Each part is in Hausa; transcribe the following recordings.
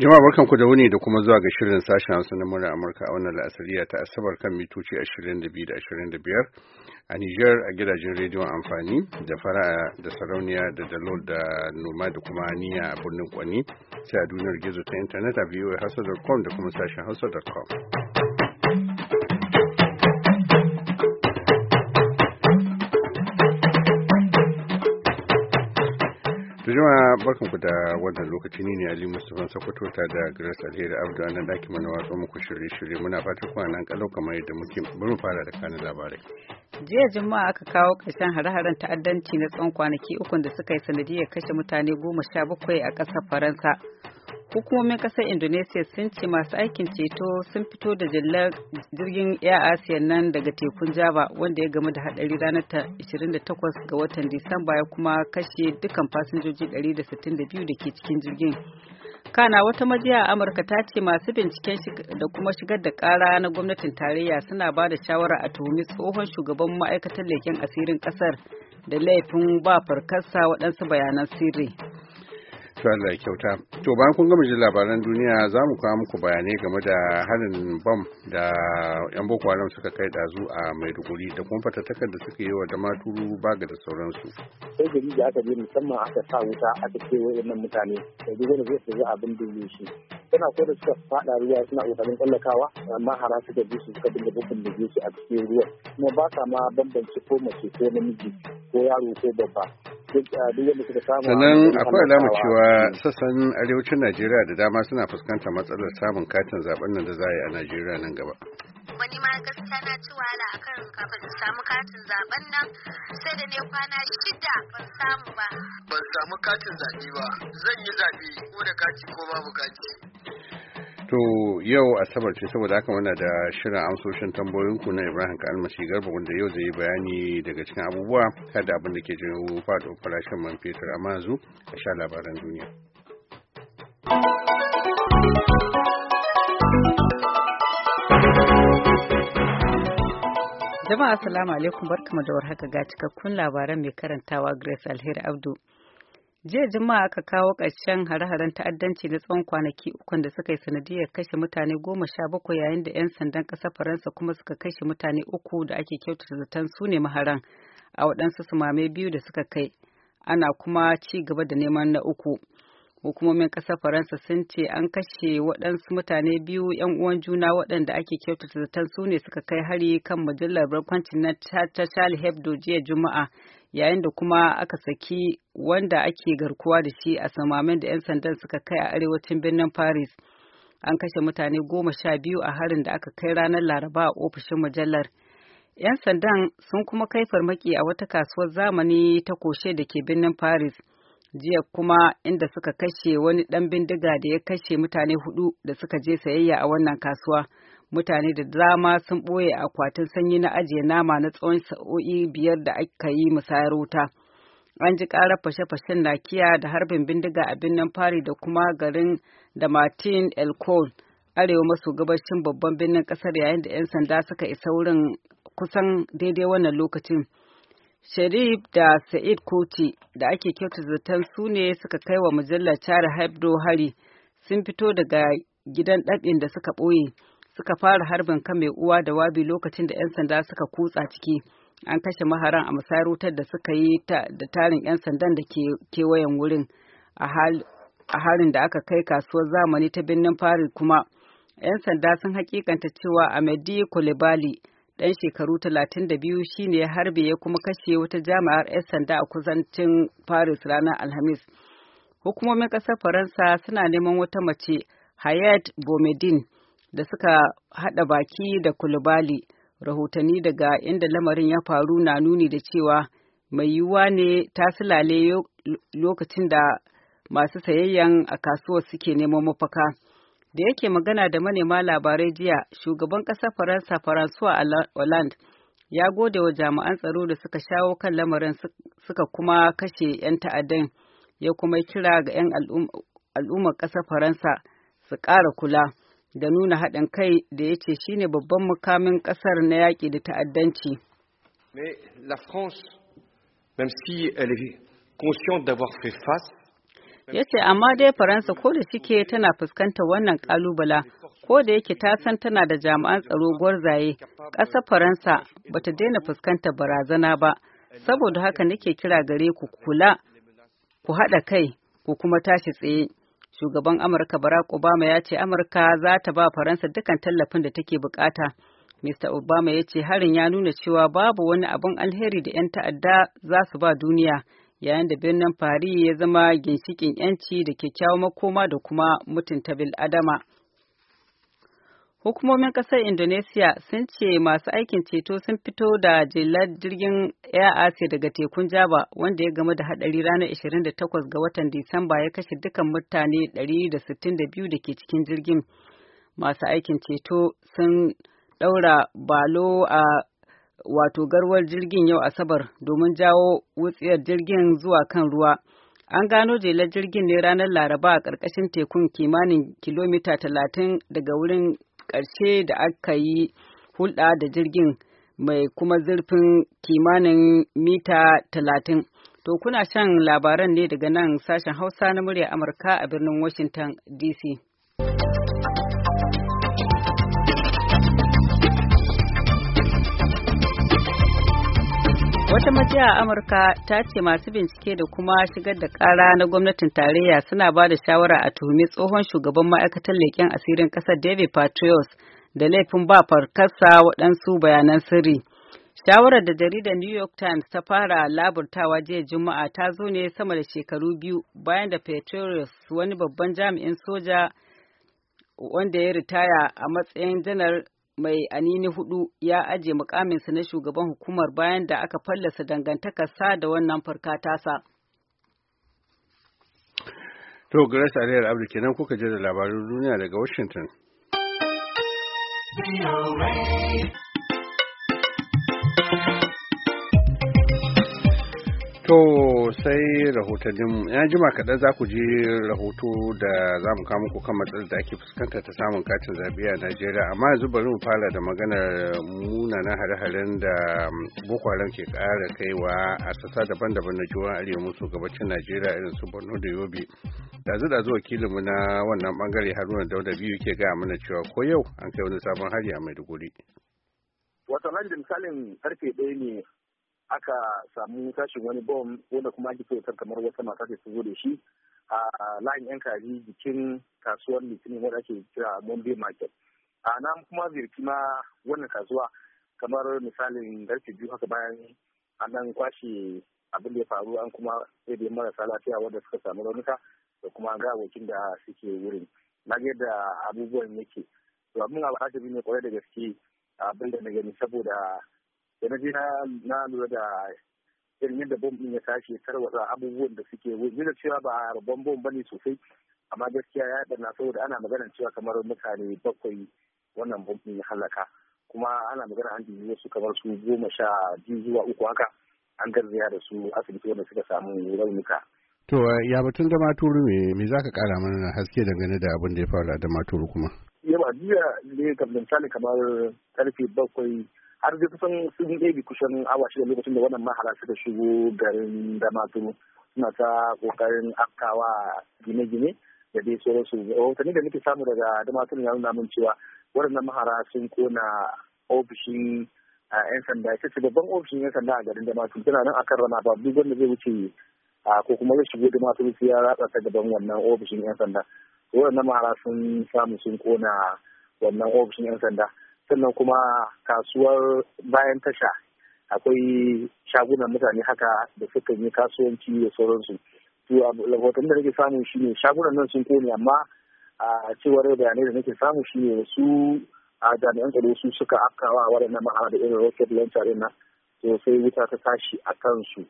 Jama'a ku da wuni da kuma zuwa ga shirin sashen Hausa na murar Amurka a wannan la'asariya ta Asabar kan mitoci 22 da 25 a Nijar a gidajen rediyon amfani da fara'a da sarauniya da dalol da noma da kuma niyya a birnin Kwani sai a duniyar gizo ta intanet a voahausa.com da kuma sashen hausa.com. To jima barkan ku da wannan lokaci ne Ali Mustapha Sokoto ta da Grace Alheri Abdu anan daki mana watsa muku shirye-shirye muna fata kuma nan kalau kamar yadda muke bari fara da kanin labarai. Jiya Juma'a aka kawo ƙarshen hare-haren ta'addanci na tsawon kwanaki uku da suka yi sanadiyar kashe mutane goma sha bakwai a ƙasar Faransa. hukumomin kasar indonesia sun ce masu aikin ceto sun fito da jirgin air asia nan daga tekun java wanda ya gamu da hadari ranar 28 ga watan disamba ya kuma kashe dukkan fasinjoji 162 da ke cikin jirgin kana wata majiya a amurka ta ce masu binciken da kuma shigar da kara na gwamnatin tarayya suna ba da shawara a tuhumi tsohon shugaban ma'aikatar leken asirin kasar da laifin ba farkarsa waɗansu bayanan sirri To kyauta. To bayan kun gama jin labaran duniya za mu kawo muku bayanai game da harin bam da 'yan Boko Haram suka kai dazu a Maiduguri da kuma fatattakar da suka yi wa damaturu baga da sauransu. Sai da da aka je musamman aka sa wuta aka ce wa'annan mutane da duk wani zai zai abin dole shi. Suna ko da suka fada ruwa suna kokarin tsallakawa amma hara suka bi su suka dinga bukun da su a cikin ruwa. Kuma ba ma bambance ko mace ko namiji ko yaro ko babba. sannan akwai alama cewa sassan arewacin najeriya da dama suna fuskantar matsalar samun katin zaben nan da za a yi a najeriya nan gaba wani ma gaskiya na ci wahala a kan kafin samu katin zaben nan sai da ne kwana shida ban samu ba ban samu katin zaɓe ba zan yi zabe ko da kati ko babu kati to yau asabar ce saboda haka muna da shirin amsoshin tambayoyinku na Ibrahim Kalmasi Garba wanda yau zai yi bayani daga cikin abubuwa kada abin da ke jin faɗo farashin man fetur a mazu a sha labaran duniya. Jama'a assalamu alaikum barkamu da warhaka ga cikakkun labaran mai karantawa Grace Alheri Abdu. Jiya Juma'a aka kawo ƙarshen hare-haren ta'addanci na tsawon kwanaki uku da suka yi sanadiyar kashe mutane goma sha bakwai yayin da 'yan sandan ƙasar Faransa kuma suka kashe mutane uku da ake kyautata zaton su ne maharan a waɗansu sumame biyu da suka kai. Ana kuma ci gaba da neman na uku. Hukumomin ƙasar Faransa sun ce an kashe waɗansu mutane biyu 'yan uwan juna waɗanda ake kyautata zaton su ne suka kai hari kan mujallar barkwancin na ta Charles Hebdo jiya Juma'a yayin da kuma aka saki wanda ake garkuwa da shi a samamin da 'yan sandan suka kai a arewacin birnin paris an kashe mutane goma sha biyu a harin da aka kai ranar laraba a ofishin mujallar 'yan sandan sun kuma kai farmaki a wata kasuwar zamani ta koshe da ke birnin paris jiya kuma inda suka kashe wani ɗan bindiga da ya kashe mutane hudu da suka je sayayya a wannan kasuwa. mutane da dama sun ɓoye akwatin sanyi na ajiye nama na tsawon sa'o'i biyar da aka yi musayar wuta an ji ƙarar fashe-fashen nakiya da harbin bindiga a birnin fari da kuma garin da martin elcol arewa maso gabashin babban birnin ƙasar yayin da 'yan sanda suka isa wurin kusan daidai wannan lokacin sharif da sa'id koti da ake kyauta zaton su ne suka kai wa mujallar tare hebdo hari sun fito daga gidan ɗaɗin da suka ɓoye suka fara harbin kan mai uwa da wabi lokacin da 'yan sanda suka kutsa ciki an kashe maharan a masarautar da suka yi da tarin 'yan sandan da ke kewayen wurin a harin da aka kai kasuwar zamani ta birnin fari kuma 'yan sanda sun hakikanta cewa amadi kulibali ɗan shekaru 32 shine ya harbe ya kuma kashe wata jami'ar 'yan sanda a kusancin paris ranar alhamis hukumomin kasar faransa suna neman wata mace hayat bomedin da suka haɗa baki da Kulubali. Rahotanni daga inda lamarin ya faru na nuni da cewa mai yiwuwa ne ta silale lokacin da masu sayayyan a kasuwar suke neman mafaka. Da yake magana da manema labarai jiya, shugaban ƙasar Faransa Faransuwa Hollande ya gode wa jami'an tsaro da suka shawo kan lamarin suka kuma kashe 'yan ta'addan ya kuma kira ga 'yan al'ummar ƙasar Faransa su ƙara kula. da nuna haɗin kai da ya ce shine babban mukamin ƙasar na yaƙi da ta'addanci. ya ce amma dai faransa ko da suke tana fuskantar wannan ƙalubala ko da yake ta san tana da jami'an tsaro gwarzaye ƙasar faransa ba ta daina fuskantar barazana ba saboda haka nake kira gare ku kula ku haɗa kai ku kuma tashi tsaye Shugaban Amurka Barack Obama ya ce Amurka za ta ba Faransa dukkan tallafin da take bukata. Mr. Obama ya ce harin ya nuna cewa babu wani abin alheri da 'yan ta'adda za su ba duniya, yayin da birnin Paris ya zama ginshikin 'yanci da kyakkyawan makoma da kuma mutunta bil'adama. Hukumomin kasar Indonesia sun ce masu aikin ceto sun fito da jelar jirgin Air Asia daga tekun Java wanda ya game da haɗari ranar 28 ga watan Disamba ya kashe dukan mutane 162 da ke cikin jirgin. Masu aikin ceto sun ɗaura balo a wato garwar jirgin yau Asabar domin jawo wutsiyar jirgin zuwa kan ruwa. An gano jelar jirgin ne ranar Laraba a ƙarƙashin tekun kimanin kilomita talatin daga wurin ƙarshe da aka yi hulɗa da jirgin mai kuma zurfin kimanin mita talatin. To kuna shan labaran ne daga nan sashen Hausa na murya Amurka a birnin Washington DC. Wata mace a Amurka ta ce masu bincike da kuma shigar da ƙara na gwamnatin tarayya suna ba da shawara a tuhumi tsohon shugaban ma'aikatar leƙen asirin ƙasar David Patriots da laifin ba farkarsa waɗansu bayanan sirri. Shawarar da jaridar New York Times ta fara laburtawa jiya Juma'a ta zo ne sama da shekaru biyu bayan da Patriots wani babban jami'in soja wanda ya ritaya a matsayin janar mai anini hudu ya ajiye mukaminsa na shugaban hukumar bayan da aka fallasa dangantakarsa da wannan farka tasa. To, Grace Aliyar Abdu kenan kuka je da labarin duniya daga Washington. you. To sai rahotannin ya jima kaɗan za ku ji rahoto da za mu kama kan matsalar da ake fuskanta ta samun katin zaɓe a Najeriya amma yanzu bari mu fara da maganar munanan hare-haren da um, Boko Haram ke ƙara kaiwa a sassa daban-daban na jihohin Arewa musu gabacin Najeriya irin su Borno da Yobe. Dazu da zuwa wakilinmu na wannan bangare Haruna Dauda biyu ke gaya mana cewa ko yau an kai wani sabon hari a Maiduguri. Wato nan da misalin karfe ɗaya ne aka samu tashin wani bom wanda kuma ake kyautar kamar wata mata ta zo da shi a layin yan kaji jikin kasuwar litinin wanda ake kira bombay market a nan kuma zirki ma wannan kasuwa kamar misalin garke biyu haka bayan a nan kwashe abin da ya faru an kuma sai marasa lafiya wanda suka samu raunuka da kuma gawakin da suke wurin na ga yadda abubuwan yake to abin abu ne kwarai da gaske abin da na gani saboda da na je na lura da irin yadda bom ya tashi tarwatsa abubuwan da suke wuri da cewa ba babban bom bane sosai amma gaskiya ya danna saboda ana magana cewa kamar mutane bakwai wannan bom ya halaka kuma ana magana an dubi wasu kamar su goma sha biyu zuwa uku haka an garzaya da su asibiti wanda suka samu raunuka. To ya batun da maturu me me za ka kara mana haske dangane da abin da ya faru da maturu kuma? Yawa jiya ne kamar misali kamar karfe bakwai har zai kusan sun ɗebe kusan awa shida lokacin da wannan mahala suka shigo garin damaturu suna ta ƙoƙarin afkawa gine-gine da dai sauransu rahotanni da muke samu daga damaturu ya nuna mun cewa waɗannan mahara sun kona ofishin yan sanda ita ce babban ofishin yan sanda a garin damaturu tana nan akan rana ba duk wanda zai wuce ko kuma zai shigo damaturu sai ya ratsa ta gaban wannan ofishin yan sanda waɗannan mahara sun samu sun kona wannan ofishin yan sanda sannan kuma kasuwar bayan tasha akwai shagunan mutane haka da suka yi kasuwanci da sauransu to lafotan um, da nake samu shine shagunan nan sun kone amma a cewar bayanai da nake samu shine su a jami'an tsaro su suka afkawa waɗannan ma'ana da irin rocket launcher ɗin nan to sai wuta ta tashi a kansu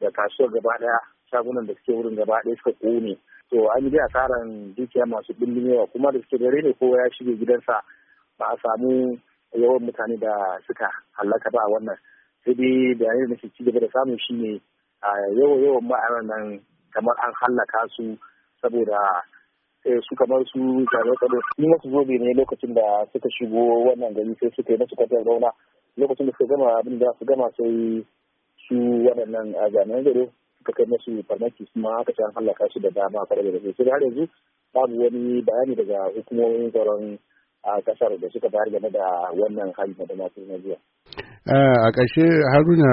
da kasuwar gaba ɗaya shagunan da suke wurin gaba ɗaya suka kone to an yi asaran dukiya masu ɗimbin yawa kuma da suke dare ne kowa ya shige gidansa ba a samu yawan mutane da suka hallaka ba wannan sai dai bayanai da ci gaba da samu ne a yawan yawan ma'anar nan kamar an hallaka su saboda eh, su kamar su jami'a tsaro ni masu zobe ne lokacin da suka shigo wannan gari sai suka yi masu kwatar rauna lokacin da suka gama abin da su gama sai su waɗannan jami'an tsaro suka kai masu farmaki kuma aka an hallaka su da dama kwarai da gaske sai har yanzu babu wani bayani daga hukumomin tsaron a kasar da suka bayar game da wannan hali na damasu na jiya. a ƙarshe haruna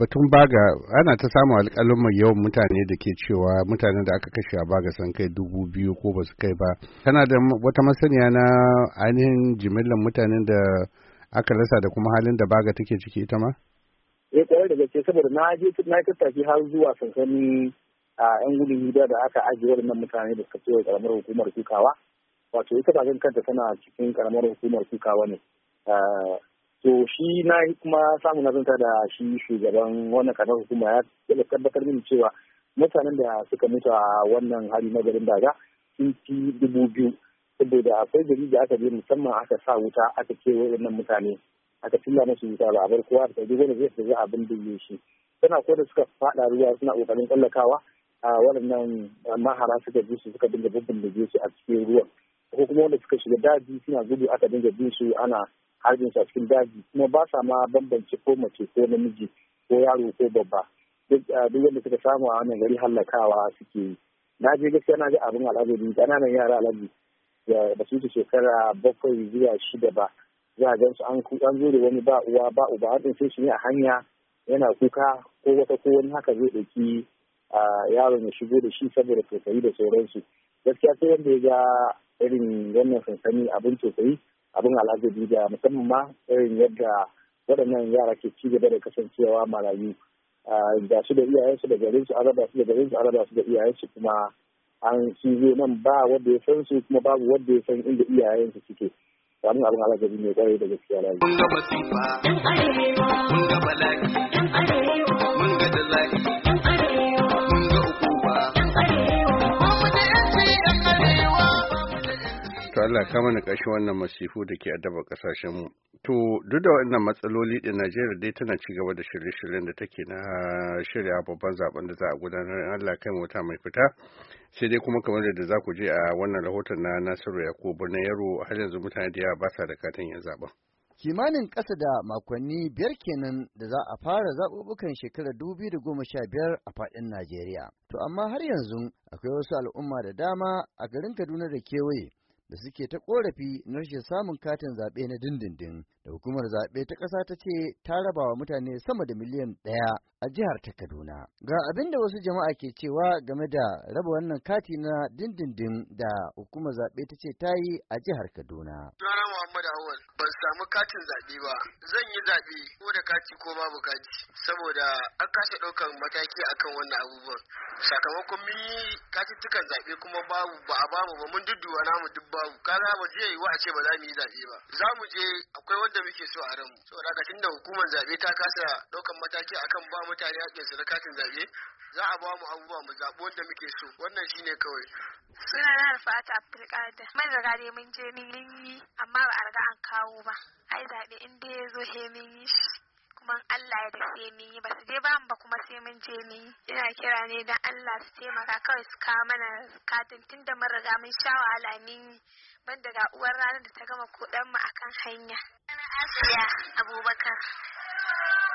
batun baga ana ta samun alƙalin mai yawan mutane da ke cewa mutane da aka kashe a baga san kai dubu biyu ko ba su kai ba tana da wata masaniya na ainihin jimillar mutanen da aka rasa da kuma halin da baga take ciki ita ma? eh kwarai da gaske saboda na je na tattaki har zuwa sansani a yan gudun hijira da aka ajiye wannan mutane da suka ce karamar hukumar kukawa wato ita kakan kanta tana cikin karamar hukumar kukawa ne ah, to shi na kuma samu nazarta da shi shugaban wannan karamar hukuma ya tabbatar mini cewa mutanen da suka mutu a wannan hali na garin daga sun fi dubu biyu saboda akwai gari da aka je musamman aka sa wuta aka wa wannan mutane aka tilla musu wuta ba a bar kowa da duk wani zai za a bindige shi tana ko da suka fada ruwa suna kokarin tsallakawa a ah, waɗannan mahara suka bi su suka dinga bindige su a cikin ruwan ko kuma wanda suka shiga daji suna gudu aka dinga bin su ana harbin su a cikin daji kuma ba sa ma bambance ko mace ko namiji ko yaro ko babba duk ah, wanda suka samu a wannan gari hallakawa suke yi na je gaskiya na ji abin al'adu din kananan yara al'ajabi da su shekara bakwai zuwa shida ba za a gan su an zo da wani ba uwa ba uba an ɗauke shi ne a hanya yana kuka ko wata ko wani haka zai ɗauki ah, yaron ya shigo da shi saboda tausayi da sauransu gaskiya sai wanda ya ga irin wannan sansani abin tausayi abin al'ajabi da musamman ma irin yadda waɗannan yara ke ci gaba da kasancewa marayu da su da iyayensu da garin su araba su da garin su araba su da iyayensu kuma an zo nan ba wanda ya san su kuma babu wanda ya san inda iyayensu suke samun abin alajabi ne kwarai da gaskiya lafiya. Kun kun To Allah ka mana ƙarshen wannan masifu da ke adaba ƙasashen mu. To duk da wannan matsaloli ɗin Najeriya dai tana ci gaba da shirye-shiryen da take na shirya babban zaben da za a gudanar in Allah kai wata mai fita. Sai dai kuma kamar da za ku je a wannan rahoton na Nasiru Yakubu na Yaro har yanzu mutane da yawa ba sa da katin yin zaben. kimanin ƙasa da makonni biyar kenan da za a fara zaɓuɓɓukan shekarar biyar a faɗin Najeriya. To amma har yanzu akwai wasu al'umma da dama a garin Kaduna da kewaye da suke ta korafi na rashin samun katin zaɓe na dindindin da hukumar zaɓe ta ƙasa ta ce ta raba wa mutane sama da miliyan ɗaya a jihar ta Kaduna. Ga abin da wasu jama'a ke cewa game da raba wannan kati na dindindin da hukumar zaɓe ta ce ta yi a jihar Kaduna. Sunana Muhammad Awal ban samu katin zaɓe ba zan yi zaɓe ko da kati ko babu kati saboda an kashe ɗaukar mataki akan wannan abubuwan sakamakon mun yi katittukan zaɓe kuma babu ba a bamu ba mun wa namu duk babu kaza ba zai yi wa a ce ba za mu yi zaɓe ba za mu je akwai da muke so a ranmu saboda haka tunda hukumar zabe ta kasa ɗaukan mataki akan ba mutane haƙƙin su na katin zabe za a ba mu abubuwa mu zaɓi wanda muke so wannan shine kawai suna na rufata abdulkadir mai riga dai mun je mun yi amma ba a riga an kawo ba ai zabe in dai ya zo he mun yi kuma Allah ya da ni ba su je ba ba kuma sai mun je ni ina kira ne dan Allah su taimaka kawai su kawo mana katin tunda da riga mun sha wahala ni ban daga uwar ranar da ta gama kuɗan mu akan hanya. Asiya Abubakar.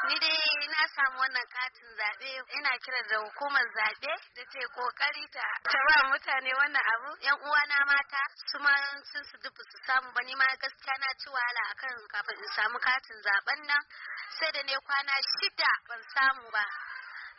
Ni dai na samu wannan katin zaɓe ina kira da hukumar zaɓe da ce kokari ta ta ba mutane wannan abu yan uwana mata su ma sun su dubu su samu ba ni ma gaskiya na ci wahala akan kafin in samu katin zaɓen nan sai da ne kwana shida ban samu ba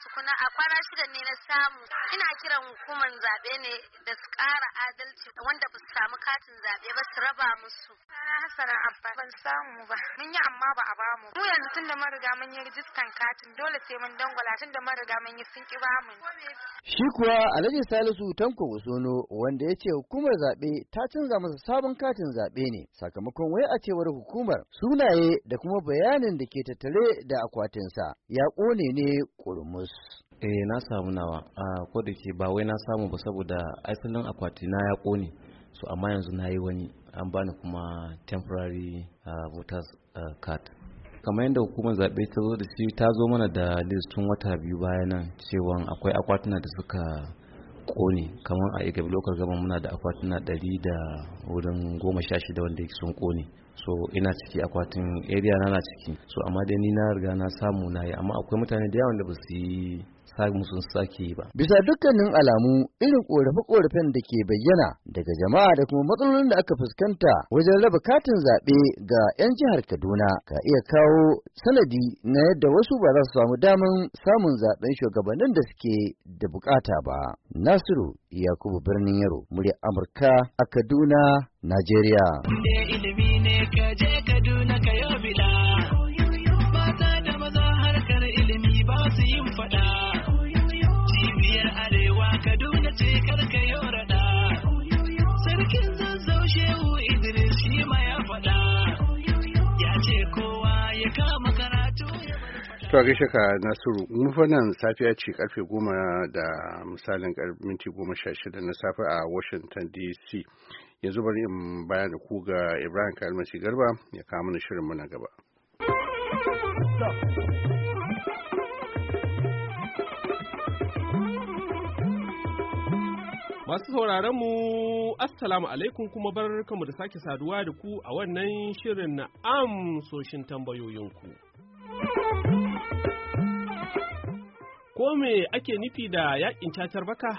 tukuna a kwana shida ne na samu ina kiran hukumar zabe ne da su ƙara adalci wanda ba su samu katin zaɓe ba su raba musu. Hassana Abba ban samu ba mun yi amma ba a ba mu. Mu yanzu tun da mun riga mun yi rijistan katin dole sai mun dangwala tun da mun riga mun yi sun ba mu. Shi kuwa Alhaji Salisu Tanko Usono wanda ya ce hukumar zaɓe ta canza masa sabon katin zaɓe ne sakamakon wai a cewar hukumar sunaye da kuma bayanin da ke tattare da akwatinsa ya kone ne kurmus. Jos. Eh na samu nawa a ko ke ba wai na samu ba saboda asalin akwati na ya kone so amma yanzu na yi wani an bani kuma temporary voters card. kamar yadda hukumar zaɓe ta zo da shi ta zo mana da listin wata biyu bayan nan cewa akwai akwatuna da suka kone kamar a igabi lokar gaban muna da akwatuna ɗari da wurin goma sha shida wanda sun kone so ina ciki akwatin area na na ciki so amma dai ni na riga na samu na yi amma akwai mutane da yawan da ba su yi sun sake ba. Bisa dukkanin alamu irin korafe-korafen da ke bayyana daga jama'a da kuma matsalolin da aka fuskanta wajen raba katin zaɓe ga 'yan jihar Kaduna ka iya kawo sanadi na yadda wasu ba za su samu damar samun zaɓen shugabannin da suke da bukata ba. Nasiru Yakubu Birnin Yaro, murya Amurka a Kaduna, Najeriya. Kaduna To gaishe ka Nasiru, mu safiya ce karfe goma da misalin minti goma sha shida na safe a Washington DC. Yanzu bari in bayan da ku ga Ibrahim Kalmasi Garba ya kama na shirin muna gaba. Masu sauraron mu Assalamu alaikum kuma bar da sake saduwa da ku a wannan shirin na amsoshin tambayoyinku. Ko me ake nufi da yakin cacar baka?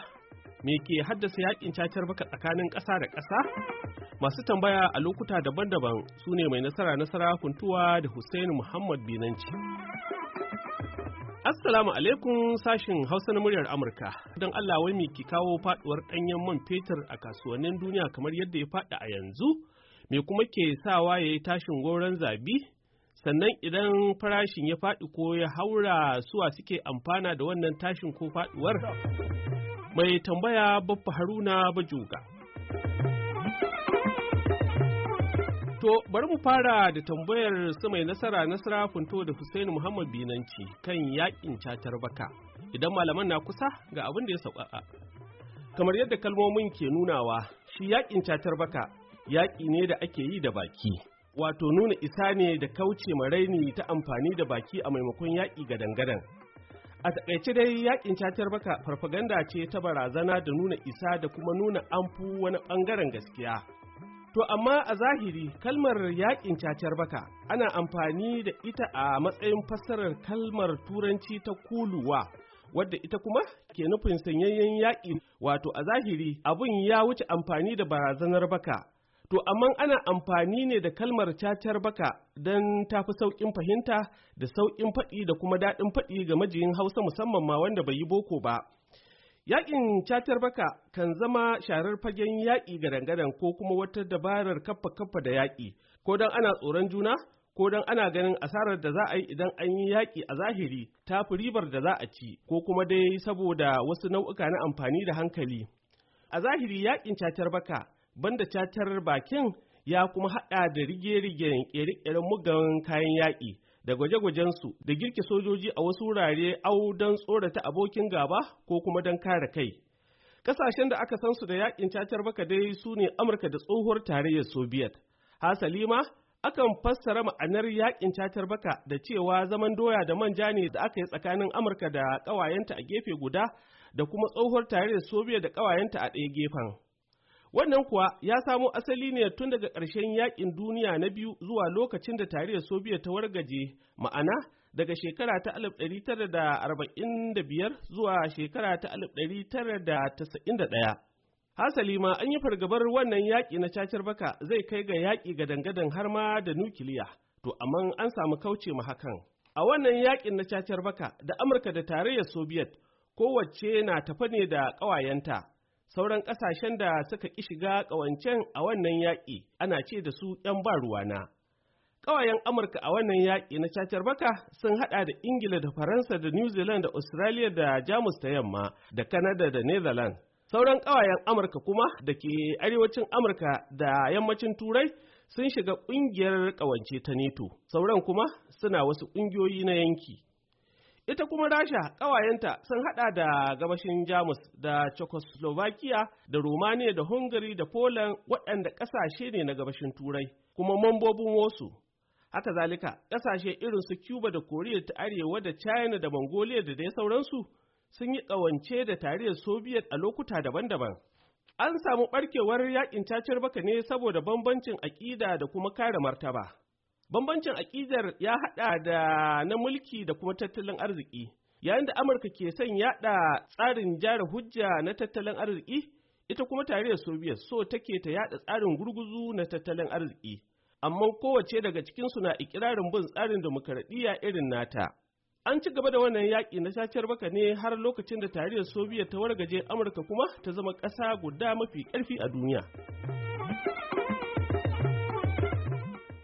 Me ke haddasa yakin cacar baka tsakanin ƙasa da ƙasa? Masu tambaya a lokuta daban-daban su ne mai nasara nasara kuntuwa da Hussein Muhammad Binanci. Assalamu alaikum sashin Hausa na muryar Amurka. Don Allah wai me ke kawo faduwar ɗanyen man fetur a kasuwannin duniya kamar yadda ya faɗi a yanzu? Me kuma ke sawa ya yi tashin goron zabi? sannan idan farashin ya faɗi ko ya haura suwa suke amfana da wannan tashin ko faɗuwar? Mai tambaya babba Haruna Bajoga. To, bari mu fara da tambayar su mai nasara nasara funto da Hussaini Muhammad Binanci kan yakin catar baka, idan malaman na kusa ga abin da ya sauƙaƙa. Kamar yadda kalmomin ke nunawa, shi yaƙin catar baka yaƙi ne da ake yi da baki. wato nuna isa ne da kauce ma raini ta amfani da baki a maimakon yaƙi ga dangadan. A taƙaice dai yaƙin cacar baka farfaganda ce ta barazana da nuna isa da kuma nuna amfu wani ɓangaren gaskiya. To amma a zahiri kalmar yaƙin cacar baka ana amfani da ita a matsayin fassarar kalmar turanci ta kuluwa wadda ita kuma ke nufin sanyayyen yaƙi wato a zahiri abun ya wuce amfani da barazanar baka To, amma ana amfani ne da kalmar cacar baka don tafi sauƙin fahimta da sauƙin faɗi da kuma daɗin faɗi ga majiyin Hausa musamman ma wanda bai yi boko ba. Yaƙin cacar baka kan zama sharar fagen yaƙi ga dangadan ko kuma wata dabarar kaffa kaffa da yaƙi, ko don ana tsoron juna, ko don ana ganin asarar da za a yi idan an yi yaƙi a zahiri ta fi ribar da za a ci, ko kuma dai saboda wasu nau'uka na amfani da hankali. A zahiri yaƙin cacar baka banda catar bakin ya kuma haɗa da rige rige ƙere-ƙeren mugan kayan yaƙi da gwaje-gwajensu da girke sojoji a wasu wurare au don tsorata abokin gaba ko kuma don kare kai. Ƙasashen da aka san su da yaƙin catar baka dai su ne Amurka da tsohuwar tarayyar Soviet. Hasali ma, akan fassara ma'anar yaƙin catar baka da cewa zaman doya da manja ne da aka yi tsakanin Amurka da ƙawayenta a gefe guda da kuma tsohuwar tarayyar Soviet da ƙawayenta a ɗaya gefen. Wannan kuwa ya samo asali ne tun daga ƙarshen Yaƙin duniya na biyu zuwa lokacin da tarihin Soviet ta wargaje, ma'ana daga shekara ta 1945 zuwa shekara ta 1991. Hasali ma an yi fargabar wannan yaƙi na cacar baka zai kai ga yaƙi ga dangadan har ma da nukiliya, to amma an samu kauce ma hakan. A wannan yaƙin na cacar baka da Amurka da tarayyar Soviet kowacce na tafa ne da ƙawayenta. sauran ƙasashen da suka ƙi shiga ƙawancen a wannan yaƙi ana ce da su 'yan ba ruwana. Ƙawayen Amurka a wannan yaƙi na cacar baka sun haɗa da Ingila da Faransa da New Zealand da Australia da Jamus ta yamma da Canada da Netherlands. Sauran ƙawayen Amurka kuma da ke arewacin Amurka da yammacin Turai sun shiga ƙungiyar ƙawance ta NATO. Sauran kuma suna wasu ƙungiyoyi na yanki. Ita kuma Rasha ƙawayenta sun haɗa da gabashin Jamus da Czechoslovakia da Romania da Hungary da Poland waɗanda ƙasashe ne na gabashin Turai kuma mambobin wasu. Haka zalika ƙasashe irin su Cuba da Koriya ta Arewa da China da Mongolia da dai sauransu sun yi ƙawance da tarayyar Soviet a lokuta daban-daban. An samu ɓarkewar yakin cacar baka ne saboda bambancin aƙida da kuma kare martaba. Bambancin aƙidar ya haɗa da na mulki da kuma tattalin arziki. Yayin da Amurka ke son yaɗa tsarin jara hujja na tattalin arziki, ita kuma tarayyar Soviet so take ta yaɗa tsarin gurguzu na tattalin arziki. Amma kowace daga cikinsu na ikirarin bin tsarin demokaradiyya irin nata. An ci gaba da wannan yaƙi na sacar baka ne har lokacin da tarayyar Soviet ta wargaje Amurka kuma ta zama ƙasa guda mafi ƙarfi a duniya.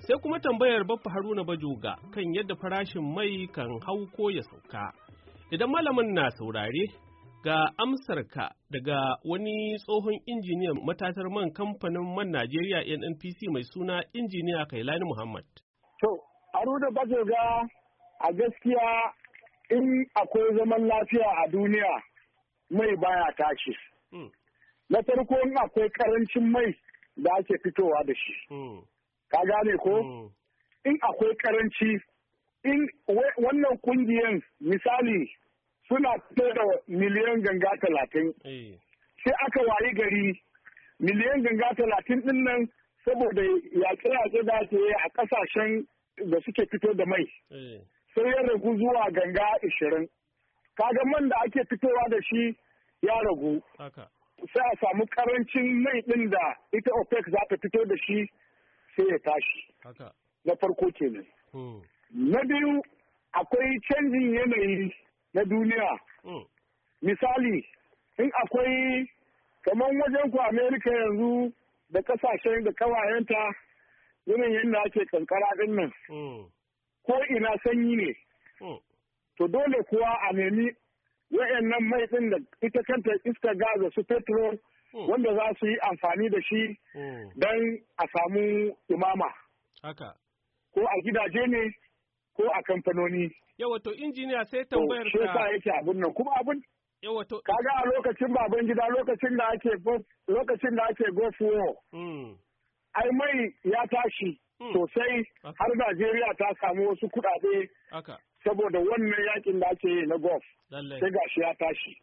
Sai kuma tambayar Baffa Haruna Bajoga kan yadda farashin mai kan hau ko ya sauka. Idan malamin na saurare ga amsarka daga wani tsohon injiniyan matatar man kamfanin man Najeriya NNPC mai suna injiniya Kailani Muhammad. To, Haruna Bajoga a gaskiya in akwai zaman lafiya a duniya mai baya tashi. Hmm. Na farko akwai karancin mai da ake fitowa da shi. Hmm. ka gane ko mm. in akwai karanci in wannan kungiyan misali suna fito da miliyan ganga talatin eh. sai aka wayi gari miliyan ganga talatin din nan saboda yaƙe-yaƙe da yi a ƙasashen da suke fito da mai eh. sai ya ragu zuwa ganga ashirin kaga man da ake fitowa da shi ya ragu sai a samu karancin mai ɗin da ita opec za ta fito da shi sai ya tashi na farko kenan na biyu akwai canjin yanayi na duniya misali in akwai kamar wajen ku amerika yanzu da kasashen da kawayenta yanayin da ake kankara din nan ko ina sanyi ne to dole kuwa a nemi nan mai ɗin da ita kanta iska gaza su petrol Hmm. wanda za su yi amfani da shi hmm. don a samu imama. Haka. Ko a gidaje ne ko a kamfanoni. Yawa wato injiniya sai tambayar ta. Shi yake abin nan kuma abin. Yawa to. Kaga a lokacin baban gida lokacin da ake lokacin da ake gofuwo. Hmm. Ai mai ya tashi sosai har Najeriya ta samu wasu kuɗaɗe. Saboda wannan yakin da ake yi na golf. Sai gashi ya tashi.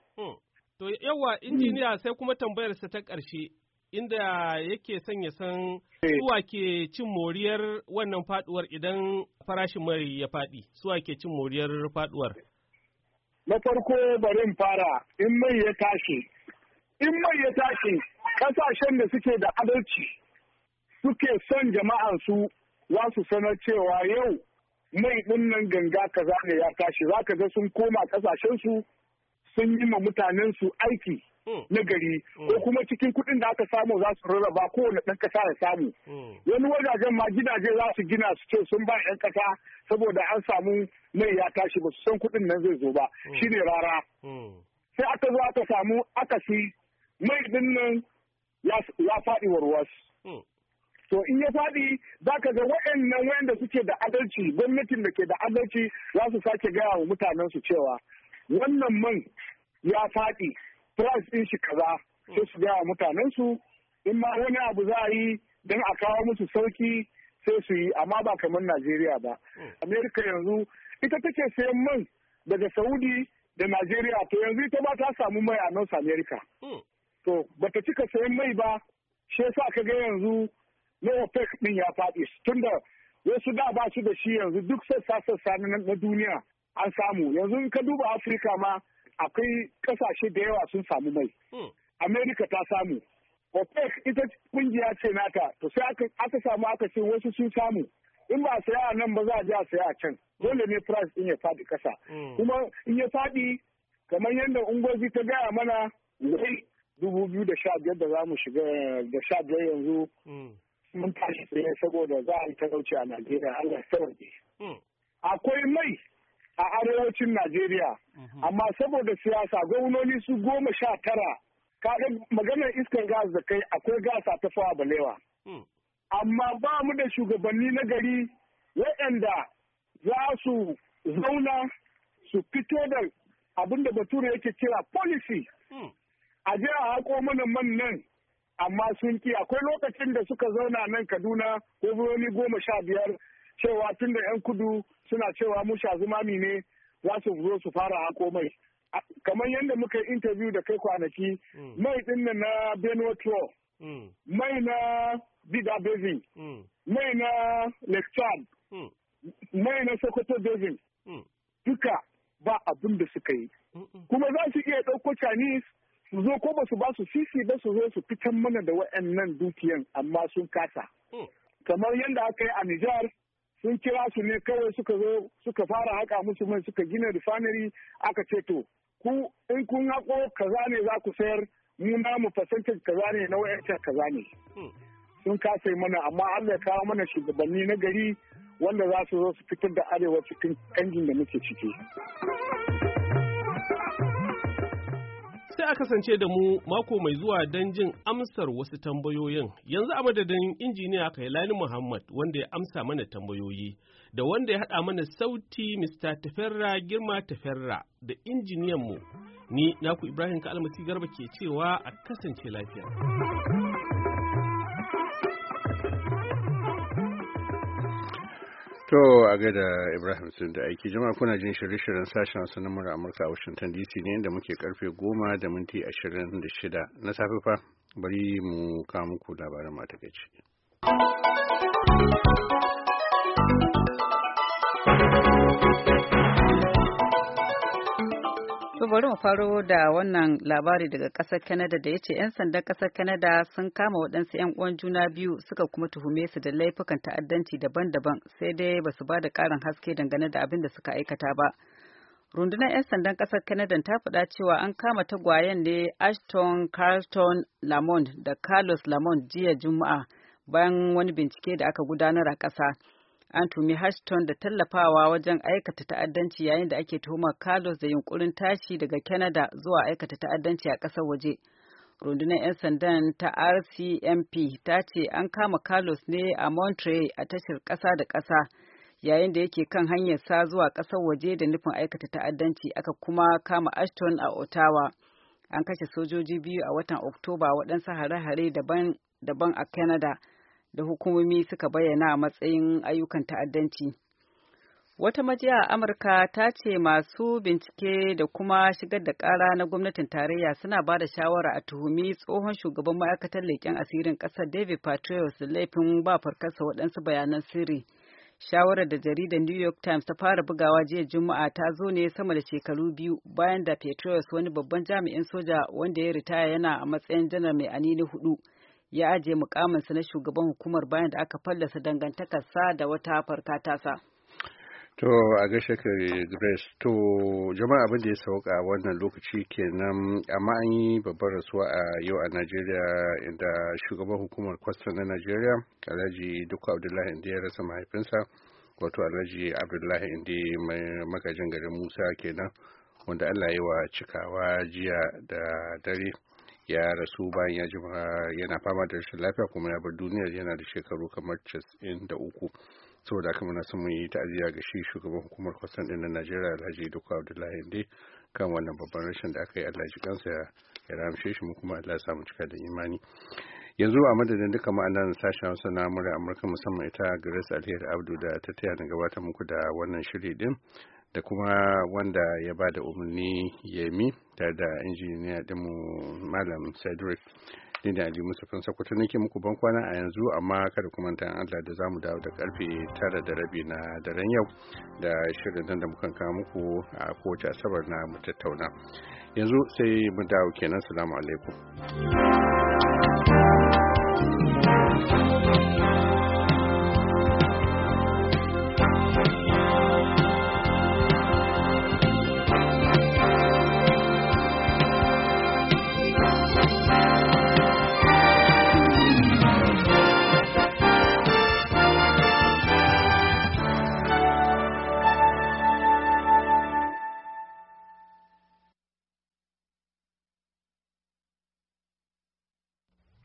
To yawa mm. injiniya sai kuma tambayarsa ta ƙarshe inda yake son ya san eh. suwa ke cin moriyar wannan faduwar idan farashin mai ya faɗi suwa ke cin moriyar faduwar. Na farko barin fara in mai ya tashi in mai ya tashi kasashen da suke da adalci suke son jama'ansu za su sanar cewa yau mai ɗinnan ganga kaza ne ya tashi za ka ga sun koma kasashensu sun yi ma mutanen su aiki hmm. na gari ko hmm. kuma cikin kuɗin da aka samu za su rarraba kowane ɗan ƙasa ya samu hmm. wani wajajen ma gidaje za su gina su ce sun ba ɗan ƙasa saboda an samu mai ya tashi ba su san kuɗin nan zai zo ba shine rara sai aka zo aka samu akasi mai ɗin nan ya faɗi warwas to in ya faɗi za ka ga waɗannan wayanda suke da adalci gwamnatin da ke da adalci za su sake gaya wa mutanen su cewa wannan man ya faɗi price ɗin shi kaza sai su gaya mutanen su in ma wani abu za a yi don a kawo musu sauki sai su yi amma ba kamar Najeriya ba. Amerika yanzu ita take sayan man daga Saudi da Najeriya to yanzu ita ba ta samu mai a North America. Hmm. To bata cika sayan mai ba shi yasa ka ga yanzu na OPEC din ya faɗi tunda wasu da ba su da shi yanzu duk sassa sassa na duniya an samu yanzu in ka duba afirka ma akwai kasashe da yawa sun samu mai hmm. amerika ta samu opec ita kungiya ce nata to sai aka samu aka ce wasu sun samu in ba saya a nan ba za a je a saya a can hmm. dole ne price in ya faɗi kasa hmm. kuma in ya faɗi kamar yadda ungozi ta gaya mana wai dubu biyu da sha biyar da za mu shiga da sha biyar yanzu mun tashi tsaye saboda za a yi talauci a najeriya allah ya akwai mai a arewacin Najeriya. Mhm. Amma saboda siyasa gwamnoni su goma sha tara kaɗa maganar iskar gas da kai akwai gas a tafawa balewa. Hmm. Amma ba mu da shugabanni na gari waɗanda za su zauna su fito da abin da bature yake kira policy. Hmm. A je a haƙo mana man nan amma sun ki akwai lokacin da suka zauna nan Kaduna ko goma sha biyar cewa tun da 'yan kudu suna cewa mu shazumami ne za su zo su fara hako mai kamar yadda muka yi interview da kai kwanaki mm. mai din na na benue mm. mai na bida basin mm. mai na lake mai na sokoto basin duka ba abin da suka yi kuma za su iya ɗauko chinese su zo ko ba su ba su sisi ba su zo su fitan mana da wa'annan dukiyan amma sun kasa kamar yadda aka yi a nijar sun kira su ne kawai suka zo suka fara haƙa musu mai suka gina refinery aka ce to ku in kun haƙo kaza ne za ku sayar mu namu fasantar kaza ne na wayancin kaza ne hmm. sun kasa mana amma Allah ya kawo mana shugabanni na gari wanda za su zo su fitar da arewa cikin kanjin da muke ciki. sai a kasance da mu mako mai zuwa don jin amsar wasu tambayoyin. Yanzu a madadin injiniya Lani Muhammad wanda ya amsa mana tambayoyi, da wanda ya haɗa mana sauti Mr. Tafera Girma Tafera da injiniyanmu. Ni naku Ibrahim ka almasi Garba ke cewa a kasance lafiya. To a gada Ibrahim sun da aiki jama'a kuna jin shirye-shiryen sashen wasu na mura Amurka a Washington DC ne inda muke karfe goma da minti ashirin da shida na safe fa bari mu kawo muku labaran matakaici. bari mu faro da wannan labari daga kasar Canada da ya ce 'yan sandan kasar Canada sun kama waɗansu 'yan uwan juna biyu suka kuma tuhume su da laifukan ta'addanci daban-daban sai dai ba su ba da ƙarin haske dangane da abin da suka aikata ba. Rundunar 'yan sandan kasar Canada ta faɗa cewa an kama tagwayen ne Ashton Carlton Lamont da Carlos Lamont jiya Juma'a bayan wani bincike da aka gudanar a ƙasa. an tumi Hashton da tallafawa wajen aikata ta'addanci yayin da ake tuhumar Carlos da yunkurin tashi daga Canada zuwa aikata ta'addanci a ƙasar waje. Rundunar 'yan sandan ta RCMP ta ce an kama Carlos ne a Montreal a tashar kasa da ƙasa yayin da yake kan hanyar sa zuwa ƙasar waje da nufin aikata ta'addanci aka kuma kama Ashton a Ottawa. An kashe sojoji biyu a watan Oktoba waɗansu hare-hare daban-daban a Canada. da hukumomi suka bayyana a matsayin ayyukan ta'addanci. Wata majiya a Amurka ta ce masu bincike da kuma shigar da ƙara na gwamnatin tarayya suna ba da shawara a tuhumi tsohon shugaban ma'aikatar leƙen asirin ƙasar David Petraeus da laifin ba farkarsa waɗansu bayanan sirri. Shawarar da jaridar New York Times ta fara bugawa jiya Juma'a ta zo ne sama da shekaru biyu bayan da Petraeus wani babban jami'in soja wanda ya ritaya yana a matsayin janar mai anini hudu. ya ajiye mukaminsa na shugaban hukumar bayan da aka fallasa dangantakarsa da wata farka tasa. To a gaishe ka Grace to jama'a abin da ya sauka wannan lokaci kenan amma an yi babbar rasuwa a yau a Najeriya inda shugaban hukumar kwasta na Najeriya Alhaji Dukku Abdullahi inda ya rasa mahaifinsa wato Alhaji Abdullahi inda mai magajin garin Musa kenan wanda Allah ya wa cikawa jiya da dare. ya rasu bayan ya jima ah, yana fama da rashin lafiya kuma ya bar duniya yana da shekaru kamar da uku saboda haka muna son mu yi ta'aziyya ga shi shugaban hukumar kwastan din na Najeriya Alhaji Dukwa Abdullahi Inde kan wannan babban rashin da aka yi Allah ji kansa ya ramshe shi mu kuma Allah ya samu cika da imani yanzu a madadin duka ma'anar sashen hausa na amurka musamman ita grace alheri abdu da ta taya na gabatar muku da wannan shiri din da kuma wanda ya ba da umarni yemi tare da injiniya dinmu malam cedric ni da ali musafin sakwato nake muku ban kwana a yanzu amma kada kuma manta allah da mu dawo da karfe tara da rabi na daren yau da shirin nan da muka kawo muku a kowace asabar na mu tattauna yanzu sai mu dawo kenan salamu alaikum